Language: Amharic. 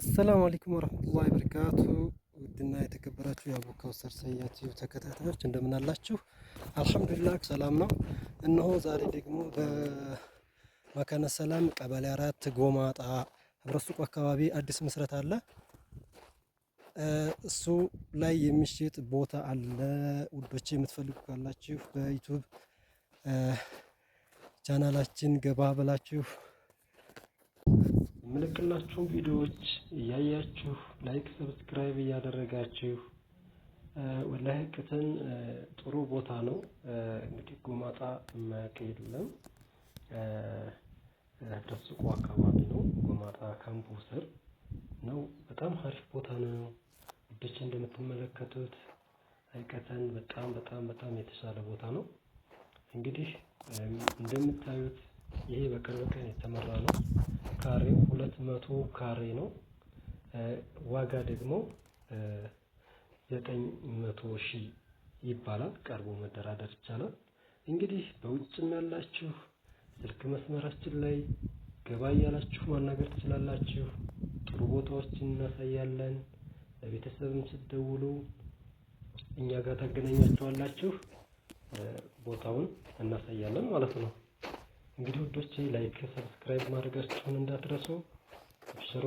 አሰላሙ አለይኩም ወረህመቱላሂ በረካቱ ውድና የተከበራችሁ የአቡ ከውሰር ሰያችሁ ተከታታዮች እንደምን አላችሁ? አልሐምዱሊላህ ሰላም ነው። እነሆ ዛሬ ደግሞ በመካነ ሰላም ቀበሌ አራት ጎማጣ ህብረት ሱቅ አካባቢ አዲስ ምስረት አለ። እሱ ላይ የሚሸጥ ቦታ አለ። ውዶች የምትፈልጉ ካላችሁ በዩቱብ ቻናላችን ገባ ብላችሁ ምልክላችሁን ቪዲዮዎች እያያችሁ ላይክ ሰብስክራይብ እያደረጋችሁ ወላሂቅትን ጥሩ ቦታ ነው። እንግዲህ ጎማጣ የማያውቅ የለም። ደስቆ አካባቢ ነው። ጎማጣ ካምፑ ስር ነው። በጣም ሀሪፍ ቦታ ነው። ውዶች እንደምትመለከቱት ሀይቀተን በጣም በጣም በጣም የተሻለ ቦታ ነው። እንግዲህ እንደምታዩት ይሄ በቅርብ ቀን የተመራ ነው። ካሬው ሁለት መቶ ካሬ ነው። ዋጋ ደግሞ ዘጠኝ መቶ ሺህ ይባላል። ቀርቦ መደራደር ይቻላል። እንግዲህ በውጭም ያላችሁ ስልክ መስመራችን ላይ ገባ እያላችሁ ማናገር ትችላላችሁ። ጥሩ ቦታዎችን እናሳያለን። ለቤተሰብም ስትደውሉ እኛ ጋር ታገናኛችኋላችሁ። ቦታውን እናሳያለን ማለት ነው። እንግዲህ ውዶቼ ላይክ፣ ሰብስክራይብ ማድረጋችሁን እንዳትረሱ። አብሽሮ